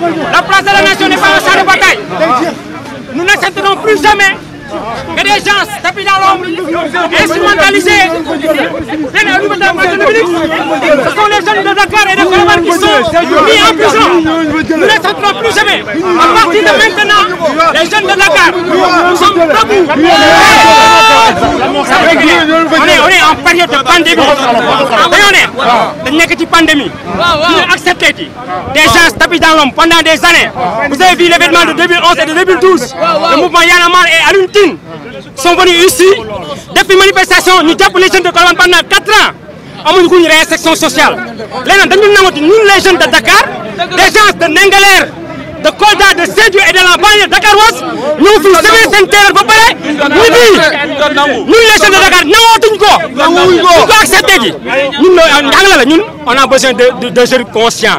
La place de la nation n'est pas un champ de bataille. Nous n'accepterons plus jamais que des gens tapis dans l'ombre, instrumentalisés. Ce sont les jeunes de Dakar et de Colomane qui sont mis en prison. plus jamais. À partir de maintenant, les jeunes de Dakar, nous sommes debout. période de pandémie dañoo ne dañ nekk ci pandémie des gens tapis dans l'ombre pendant des années vous avez vu l'événement de 2011 et de 2012 le mouvement Y en a marre et Alioune Tine sont venus ici manifestation ñu jàpp les jeunes de Colobane pendant 4 ans amuñu kuñu réinsertion sociale léegi dañu namati ñun les jeunes de Dakar des gens de Ndingler de Kolda de Sédhiou et de la banlieue dakaroise ñoo fi sëmee seen terreur ba ñun les jeunes de Dakar nanguwatuñ ko. nanguwuñ ko duñ ko accepté ji. ñun njàng la ñun on a besoin de de jeunes conscients.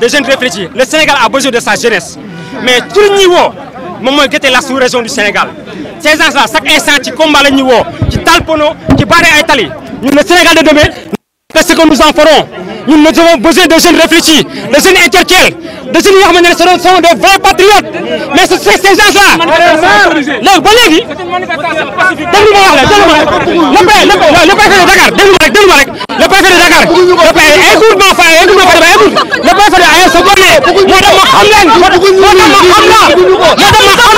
de jeunes réfléchis le Sénégal a besoin de sa jeunesse. mais ci li ñuy woo moom mooy gëte la sous-région du Sénégal. ces gens là chaque instant ci combat la ñuy woo ci talpono ci bari ay tali ñun le Sénégal de demain. c'est ce que nous en ferons ñun nous avons besoin de jeunes réfléchis de jeunes intellectuels de jeunes yoo ne ce sont des vrais patriotes mais c'est ces gens-là léegi ma wax la déglu de Dakar ma rek déglu ma de Dakar ma fay écoute ma de Ayer ma xam leen moo tax ma ma xam